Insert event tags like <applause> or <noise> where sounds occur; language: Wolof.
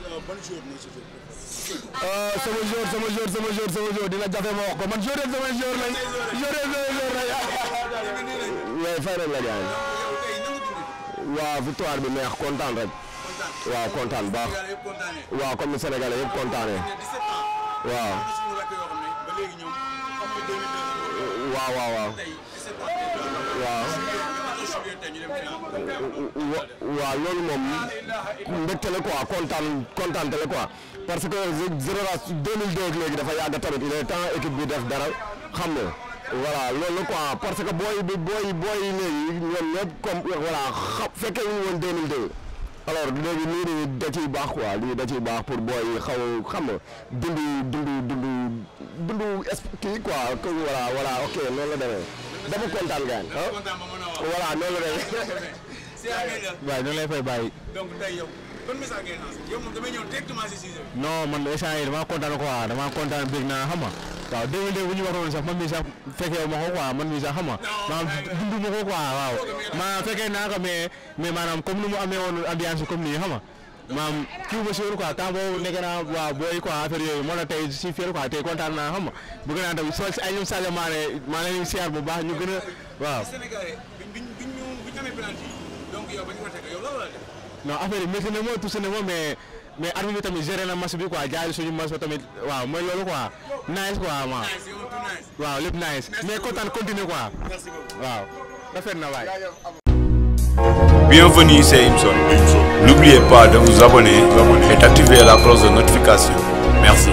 Bonjour, Bonjour, je bonjour bonjour, bonjour, bonjour, dina victoire content. comme Sénégalais waaw loolu moom mbégte la quoi kontaan kontaante la quoi parce que génération 2002 ak léegi dafa yàgg tamit il temps équipe bi def dara xam nga voilà loolu la quoi parce que booy bi booy booy léegi ñoom ñëpp comme voilà xam fekkee ñu woon 2002 alors léegi lii nii da ciy baax quoi lii da ciy baax pour booy xaw xam nga dundu dundu dundu dundu kii quoi voilà voilà ok loolu la dama kontaan gaañ. voilà noonu la demee. <laughs> waaw ñu lay fay bàyyi. donc tey yow ban message ngay man échange yi damaa kontaan quoi damaa kontaan bëgg naa xam nga waaw déwén déwén bu ñu waxoon sax man mii sax fekkee ma ko quoi man mii sax xam nga maanaam ko quoi waaw maanaam naa ko mais mais maanaam comme ni mu amee woon ambiance comme nii xam maam kii ba si woon quoi temps boobu nekk naa waa booy quoi affaire yooyu moo la tey si fii quoi tey kontaan naa xam nga naa tamit soo si ay bu baax ñu gën a waaw. non affaire yi métti na moo tuuti na moo mais mais arbitre tamit géré na match bi quoi jaay suñu match ba tamit waaw mooy loolu quoi nice quoi waaw. waaw lépp nice mais kontaan continuer quoi. waaw rafet na waay. Bienvenue, c'est Imson. N'oubliez pas de vous abonner et d'activer la cloche de notification. Merci.